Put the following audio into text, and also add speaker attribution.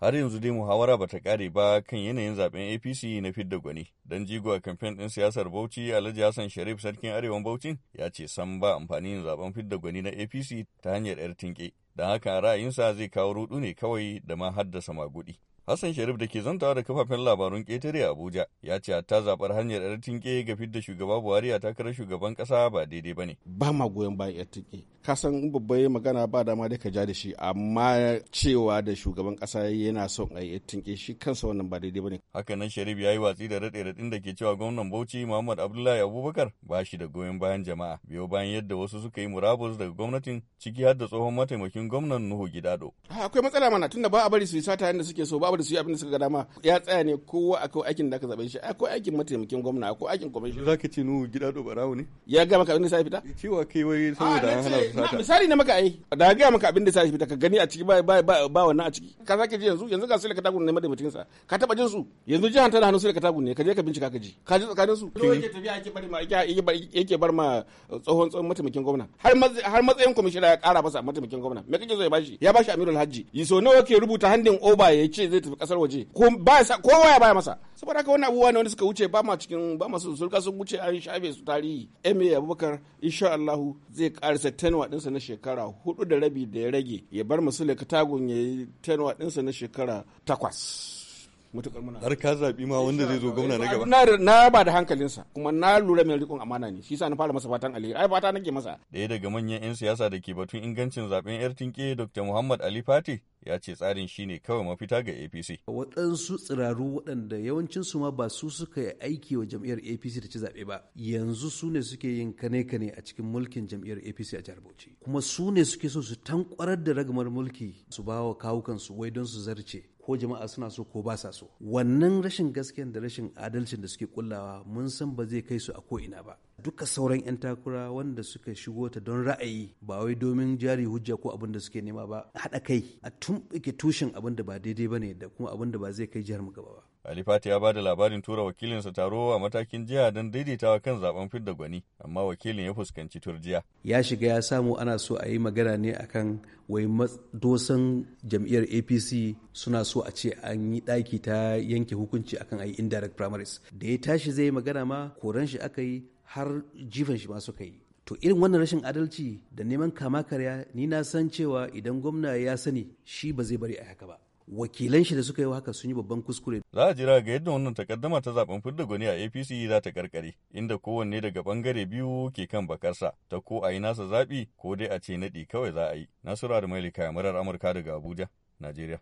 Speaker 1: har yanzu dai muhawara ba ta kare ba kan yanayin zaben apc na fidda gwani don jigo a kamfen ɗin siyasar bauchi alhaji hassan sharif sarkin arewan bauchi ya ce san ba amfani yin zaben fidda gwani na apc ta hanyar yar tinke don haka ra'ayinsa zai kawo rudu ne kawai da ma haddasa magudi Hassan Sharif da ke zantawa da kafafen labarun ƙetare a Abuja ya ce ta zaɓar hanyar yar tinke ga fidda shugaba Buhari a takarar shugaban ƙasa ba daidai ba ne.
Speaker 2: Ba ma goyon bayan yar tinke. Ka san in magana ba dama da ka ja da shi amma cewa da shugaban ƙasa yana son a yar tinke shi kansa wannan ba daidai ba ne.
Speaker 1: Hakanan Sharif ya yi watsi da raɗe raɗin da ke cewa gwamnan Bauchi Muhammad Abdullahi Abubakar ba shi da goyon bayan jama'a biyo bayan yadda wasu suka yi murabus daga gwamnatin ciki har da tsohon mataimakin gwamnan Nuhu Gidado.
Speaker 2: Akwai matsala mana tunda ba a bari su yi sata yadda suke so ba da su yi abin da suka ga dama ya tsaya ne kowa akwai aikin da aka zabe shi akwai aikin mataimakin gwamna akwai aikin kwamishin za ka ce nu gida do barawo ne ya ga maka abin da sai fita cewa kai wai saboda ah, an hana su misali na maka ai da ga maka abin da sai fita ka gani a ciki ba ba ba wannan a ciki ka zaka ji yanzu yanzu ga su katagun ne mataimakin sa ka taba jin su yanzu jihan jihar tana hannun su katagun ne ka je ka bincika ka ji ka ji tsakanin su yake tafiya yake bari ma yake bar ma uh, tsohon tsohon mataimakin gwamna har har matsayin kwamishina ya kara masa mataimakin gwamna me kake so ya bashi ya bashi amirul hajji yi so nawa ke rubuta handin oba ya ce zai tafi kasar waje ko baya ko waya baya masa saboda haka wannan abubuwa ne wanda suka wuce ba ma cikin ba masu sulka sun wuce an shafe su tarihi ma abubakar insha Allah zai karisa tenwa dinsa na shekara hudu da rabi da ya rage ya bar musule katagun ya yi tenwa dinsa na shekara
Speaker 1: takwas mutukar muna har ka zabi ma wanda zai zo gwamna na gaba
Speaker 2: na ba da hankalinsa kuma na lura mai rikon amana ne shi yasa na fara masa fatan alheri ai fata nake masa
Speaker 1: daya daga manyan yan siyasa da ke batun ingancin zaben yar tinke Dr Muhammad Ali Fati ya ce tsarin shine kawai mafita ga apc
Speaker 3: waɗansu tsiraru waɗanda yawancinsu ma ba su suka yi aiki wa jam'iyyar apc ta ci zaɓe ba yanzu su ne suke yin kane kane a cikin mulkin jam'iyyar apc a jihar bauchi kuma su ne suke so su tankwarar da ragamar mulki su ba wa kawukansu wai don su zarce ko jama'a suna so ko ba sa so wannan rashin gaskiya da rashin adalcin da suke kullawa mun san ba zai kai su a ko'ina ba duka sauran 'yan takura wanda suka shigo ta don ra'ayi ba wai domin jari hujja ko abin da suke nema ba haɗa kai a tumɓuke tushen abin da ba daidai ba ne da kuma abin da ba zai kai jihar mu gaba
Speaker 1: ba. Ali Fati ya ba da labarin tura wakilinsa taro a matakin jiya don daidaitawa kan zaben fidda gwani, amma wakilin ya fuskanci turjiya.
Speaker 3: Ya shiga ya samu ana so a yi magana ne akan wai dosan jam'iyyar APC suna so a ce an yi ɗaki ta yanke hukunci akan a yi indirect primaries. Da ya tashi zai magana ma koran shi aka yi har jifan shi ma suka yi to irin wannan rashin adalci da neman kama karya ni na san cewa idan gwamna ya sani shi ba zai bari a haka ba wakilan shi da suka yi haka sun yi babban kuskure.
Speaker 1: Za a jira ga yadda wannan takaddama ta zaben fidda gwani a APC za ta karkare, inda kowanne daga bangare biyu ke kan bakarsa, ta ko a yi nasa zaɓi ko dai a ce naɗi kawai za a yi. Nasura da Mailika, murar Amurka daga Abuja, Najeriya.